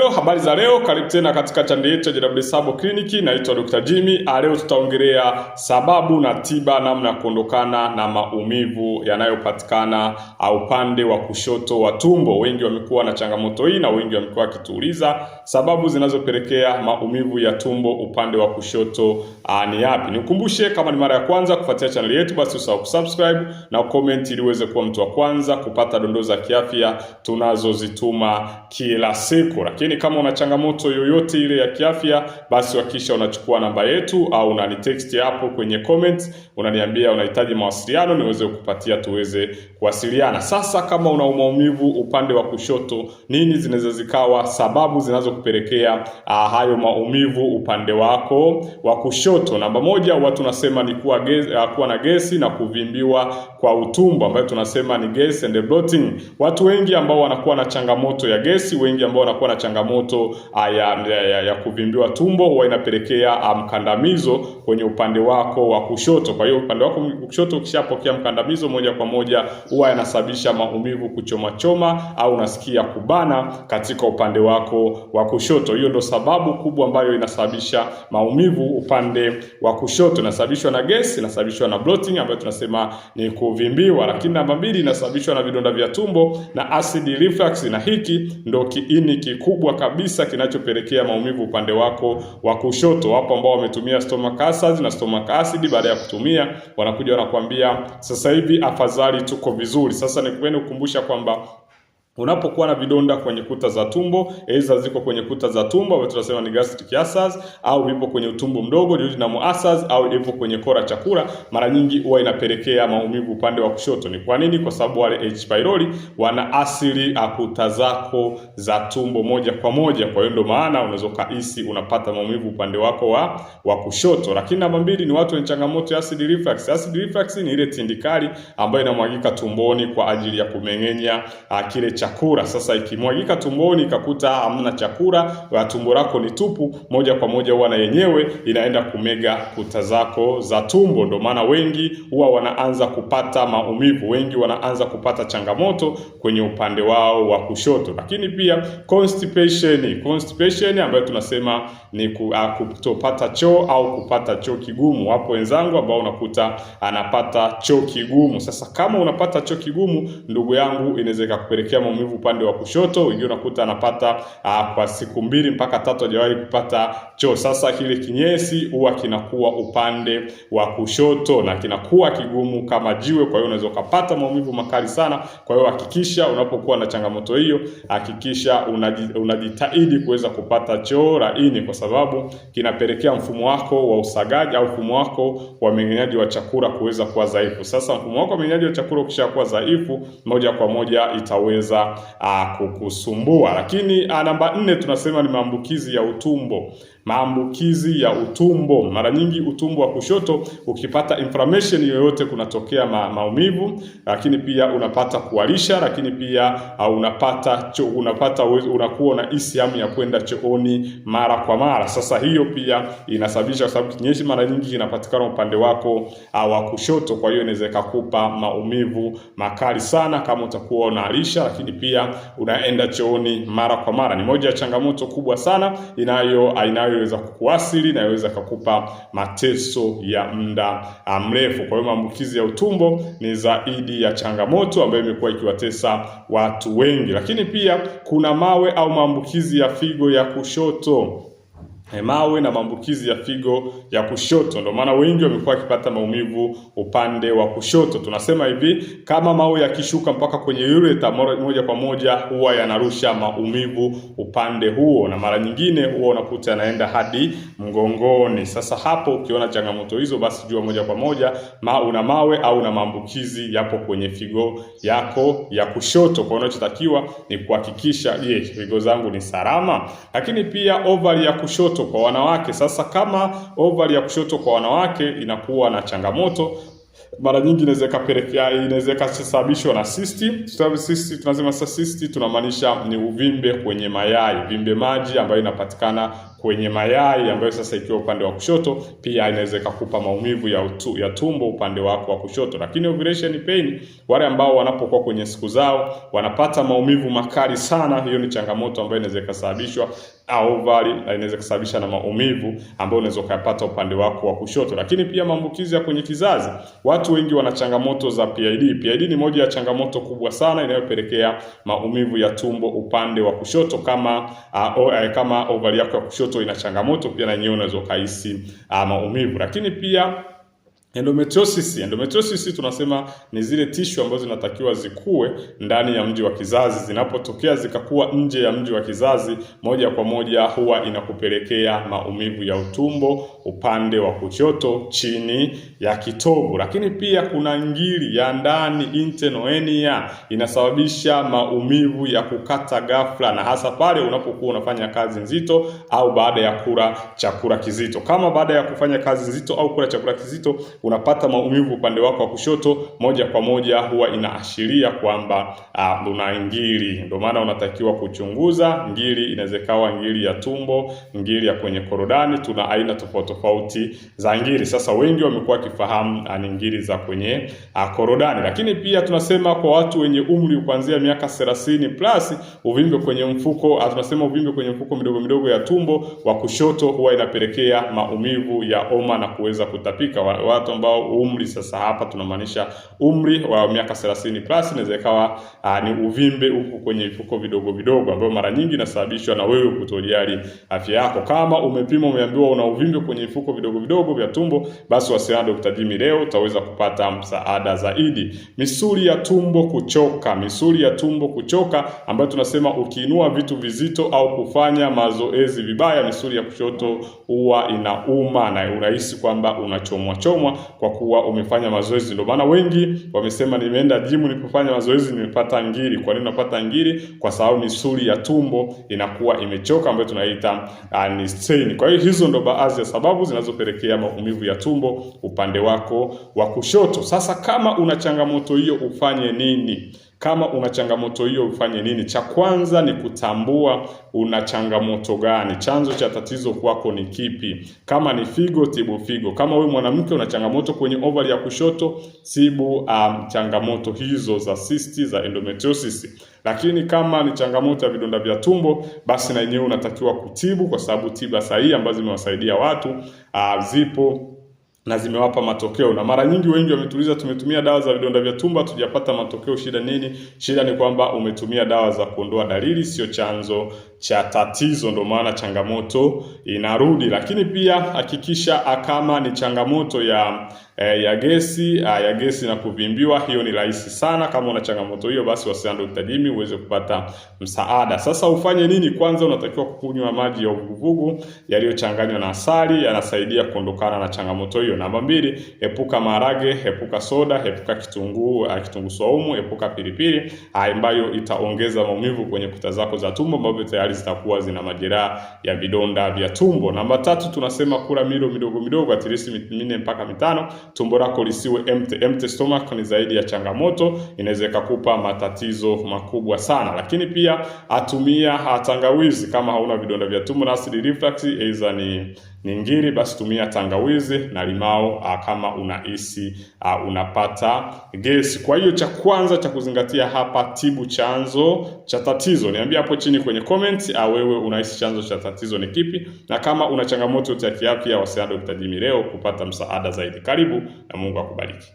Leo habari za leo, karibu tena katika chaneli yetu ya JW Sabo Clinic. Naitwa Dr. Jimmy. Ah, leo tutaongelea sababu na tiba, namna ya kuondokana na maumivu yanayopatikana ah, upande wa kushoto wa tumbo. Wengi wamekuwa na changamoto hii na wengi wamekuwa wakituuliza sababu zinazopelekea maumivu ya tumbo upande wa kushoto ah, ni yapi. Nikukumbushe, kama ni mara ya kwanza kufuatia chaneli yetu, basi usahau subscribe na comment ili uweze kuwa mtu wa kwanza kupata dondoo za kiafya tunazozituma kila siku, lakini lakini kama una changamoto yoyote ile ya kiafya, basi hakikisha unachukua namba yetu au unani text hapo kwenye comments, unaniambia unahitaji mawasiliano niweze kukupatia tuweze kuwasiliana. Sasa kama una maumivu upande wa kushoto, nini zinaweza zikawa sababu zinazokupelekea uh, hayo maumivu upande wako wa kushoto? Namba moja, watu tunasema ni kuwa, gezi, uh, ah, kuwa na gesi na kuvimbiwa kwa utumbo ambayo tunasema ni gas and bloating. Watu wengi ambao wanakuwa na changamoto ya gesi, wengi ambao wanakuwa na changamoto changamoto ah, ya, ya, ya, ya kuvimbiwa tumbo huwa inapelekea ah, mkandamizo kwenye upande wako wa kushoto. Kwa hiyo upande wako wa kushoto ukishapokea mkandamizo moja kwa moja huwa yanasababisha maumivu, kuchomachoma au unasikia kubana katika upande wako wa kushoto. Hiyo ndio sababu kubwa ambayo inasababisha maumivu upande wa kushoto. Inasababishwa na gesi, inasababishwa na bloating ambayo tunasema ni kuvimbiwa, lakini namba mbili inasababishwa na vidonda vya tumbo na acid reflux, na hiki ndio kiini kikubwa kikubwa kabisa kinachopelekea maumivu upande wako wa kushoto. Wapo ambao wametumia stomach acid na stomach acid, baada ya kutumia wanakuja wanakuambia sasa hivi afadhali, tuko vizuri. Sasa nikupende kukumbusha kwamba Unapokuwa na vidonda kwenye kuta za tumbo, aidha ziko kwenye kuta za tumbo ambayo tunasema ni gastric ulcers, au vipo kwenye utumbo mdogo duodenal ulcers, au ipo kwenye kora chakula, mara nyingi huwa inapelekea maumivu upande wa kushoto. Ni kwa nini? Kwa sababu wale H pylori wana asili ah, kuta zako za tumbo moja kwa moja. Kwa hiyo ndio maana unaweza kuhisi unapata maumivu upande wako wa, wa kushoto. Lakini namba mbili ni watu wenye changamoto ya acid reflux. Acid reflux ni ile tindikali ambayo inamwagika tumboni kwa ajili ya kumeng'enya ah, kile cha chakula. Sasa ikimwagika tumboni ikakuta hamna chakula, tumbo lako ni tupu, moja kwa moja huwa na yenyewe inaenda kumega kuta zako za tumbo. Ndio maana wengi huwa wanaanza kupata maumivu, wengi wanaanza kupata changamoto kwenye upande wao wa kushoto. Lakini pia constipation, constipation ambayo tunasema ni ah, kutopata choo au kupata choo kigumu. Wapo wenzangu ambao unakuta anapata choo kigumu. Sasa kama unapata choo kigumu, ndugu yangu, inaweza ikakupelekea maumivu maumivu upande wa kushoto, wengine unakuta anapata uh, kwa siku mbili mpaka tatu hajawahi kupata choo. Sasa kile kinyesi huwa kinakuwa upande wa kushoto na kinakuwa kigumu kama jiwe, kwa hiyo unaweza ukapata maumivu makali sana. Kwa hiyo hakikisha unapokuwa na changamoto hiyo, hakikisha unajitahidi kuweza kupata choo laini, kwa sababu kinapelekea mfumo wako wa usagaji au mfumo wako wa mmeng'enyaji wa chakula kuweza kuwa dhaifu. Sasa mfumo wako wa mmeng'enyaji wa chakula ukishakuwa dhaifu, moja kwa moja itaweza uh, kukusumbua. Lakini uh, namba nne tunasema ni maambukizi ya utumbo. Maambukizi ya utumbo. Mara nyingi utumbo wa kushoto ukipata inflammation yoyote kunatokea ma maumivu, lakini pia unapata kuharisha, lakini pia uh, unapata cho, unapata unakuwa na hisi ya kwenda chooni mara kwa mara. Sasa hiyo pia inasababisha, kwa sababu kinyesi mara nyingi inapatikana upande wako uh, wa kushoto, kwa hiyo inaweza ikakupa maumivu makali sana kama utakuwa unaharisha, lakini pia unaenda chooni mara kwa mara. Ni moja ya changamoto kubwa sana inayo, inayo iweza kukuasili na yanaweza kukupa mateso ya muda ah, mrefu. Kwa hiyo maambukizi ya utumbo ni zaidi ya changamoto ambayo imekuwa ikiwatesa watu wengi, lakini pia kuna mawe au maambukizi ya figo ya kushoto. Eh, mawe na maambukizi ya figo ya kushoto. Ndio maana wengi wamekuwa wakipata maumivu upande wa kushoto. Tunasema hivi, kama mawe yakishuka mpaka kwenye ureta moja kwa moja, huwa yanarusha maumivu upande huo, na mara nyingine huwa unakuta yanaenda hadi mgongoni. Sasa hapo ukiona changamoto hizo, basi jua moja kwa moja ma una mawe au na maambukizi yapo kwenye figo yako ya kushoto. Kwa unachotakiwa ni kuhakikisha, je, figo zangu ni salama? Lakini pia ovari ya kushoto kushoto kwa wanawake. Sasa kama ovari ya kushoto kwa wanawake inakuwa na changamoto mara nyingi inaweza ikapelekea inaweza ikasababishwa na sisti. Sisti tunasema sasa, sisti tunamaanisha ni uvimbe kwenye mayai, vimbe maji ambayo inapatikana kwenye mayai ambayo sasa ikiwa upande wa kushoto pia inaweza ikakupa maumivu ya, utu, ya tumbo upande wako wa kushoto. Lakini ovulation pain, wale ambao wanapokuwa kwenye siku zao wanapata maumivu makali sana, hiyo ni changamoto ambayo inaweza ikasababishwa au vali na inaweza kusababisha na maumivu ambayo unaweza ukayapata upande wako wa kushoto. Lakini pia maambukizi ya kwenye kizazi, watu wengi wana changamoto za PID. PID ni moja ya changamoto kubwa sana inayopelekea maumivu ya tumbo upande wa kushoto. Kama uh, o, uh, kama ovari yako ya kushoto ina changamoto, pia na nyewe unaweza ukahisi uh, maumivu, lakini pia Endometriosis. Endometriosis tunasema ni zile tishu ambazo zinatakiwa zikue ndani ya mji wa kizazi. Zinapotokea zikakuwa nje ya mji wa kizazi, moja kwa moja huwa inakupelekea maumivu ya utumbo, upande wa kushoto, chini ya kitovu. Lakini pia kuna ngiri ya ndani, internoenia, inasababisha maumivu ya kukata ghafla, na hasa pale unapokuwa unafanya kazi nzito au baada ya kula chakula kizito. Kama baada ya kufanya kazi nzito au kula chakula kizito unapata maumivu upande wako wa kushoto, moja kwa moja huwa inaashiria kwamba uh, una ngiri. Ndio maana unatakiwa kuchunguza ngiri, inaweza ikawa ngiri ya tumbo, ngiri ya kwenye korodani. Tuna aina tofauti tofauti za ngiri. Sasa wengi wamekuwa wakifahamu uh, ni ngiri za kwenye uh, korodani, lakini pia tunasema kwa watu wenye umri kuanzia miaka 30 plus, uvimbe kwenye mfuko uh, tunasema uvimbe kwenye mfuko midogo midogo ya tumbo wa kushoto huwa inapelekea maumivu ya homa na kuweza kutapika watu watu ambao umri sasa hapa tunamaanisha umri wa miaka 30 plus, inaweza ikawa ah, ni uvimbe huko kwenye vifuko vidogo vidogo, ambayo mara nyingi inasababishwa na wewe kutojali afya yako. Kama umepima umeambiwa una uvimbe kwenye vifuko vidogo vidogo vya tumbo, basi wasiana Dr. Jimmy leo, utaweza kupata msaada zaidi. Misuli ya tumbo kuchoka, misuli ya tumbo kuchoka ambayo tunasema ukiinua vitu vizito au kufanya mazoezi vibaya, misuli ya kushoto huwa inauma na unahisi kwamba unachomwa chomwa kwa kuwa umefanya mazoezi. Ndio maana wengi wamesema, nimeenda jimu, nilipofanya mazoezi nimepata ngiri. Kwa nini napata ngiri? Kwa sababu misuli ya tumbo inakuwa imechoka, ambayo tunaita uh, ni strain. Kwa hiyo hizo ndo baadhi ya sababu zinazopelekea maumivu ya tumbo upande wako wa kushoto. Sasa kama una changamoto hiyo, ufanye nini? Kama una changamoto hiyo ufanye nini? Cha kwanza ni kutambua una changamoto gani, chanzo cha tatizo kwako ni kipi? Kama ni figo, tibu figo. Kama wewe mwanamke una changamoto kwenye ovari ya kushoto, tibu um, changamoto hizo za cyst, za endometriosis. Lakini kama ni changamoto ya vidonda vya tumbo, basi na yenyewe unatakiwa kutibu, kwa sababu tiba sahihi ambazo zimewasaidia watu uh, zipo na zimewapa matokeo. Na mara nyingi wengi wametuliza, tumetumia dawa za vidonda vya tumba tujapata matokeo, shida nini? Shida ni kwamba umetumia dawa za kuondoa dalili, sio chanzo cha tatizo, ndio maana changamoto inarudi. Lakini pia hakikisha kama ni changamoto ya e, ya gesi ah, ya gesi na kuvimbiwa, hiyo ni rahisi sana. Kama una changamoto hiyo, basi wasiana Dr. Jimmy uweze kupata msaada. Sasa ufanye nini? Kwanza unatakiwa kunywa maji ya uvuguvugu yaliyochanganywa na asali, yanasaidia kuondokana na changamoto hiyo. Namba mbili, epuka maharage, epuka soda, epuka kitunguu, ah, kitunguu saumu, epuka pilipili ambayo itaongeza maumivu kwenye kuta zako za tumbo ambavyo tayari tayari zitakuwa zina majeraha ya vidonda vya tumbo. Namba tatu, tunasema kula milo midogo midogo at least minne mpaka mitano. Tumbo lako lisiwe empty. Empty stomach ni zaidi ya changamoto, inaweza ikakupa matatizo makubwa sana. Lakini pia atumia tangawizi kama hauna vidonda vya tumbo na acid reflux, aidha ni ni ngiri, basi tumia tangawizi na limao a, ah, kama unahisi ah, unapata gesi. Kwa hiyo cha kwanza cha kuzingatia hapa, tibu chanzo cha tatizo. Niambia hapo chini kwenye comment a, ah, wewe unahisi chanzo cha tatizo ni kipi, na kama una changamoto ya kiafya, wasiliana na Dr. Jimmy leo kupata msaada zaidi. Karibu na Mungu akubariki.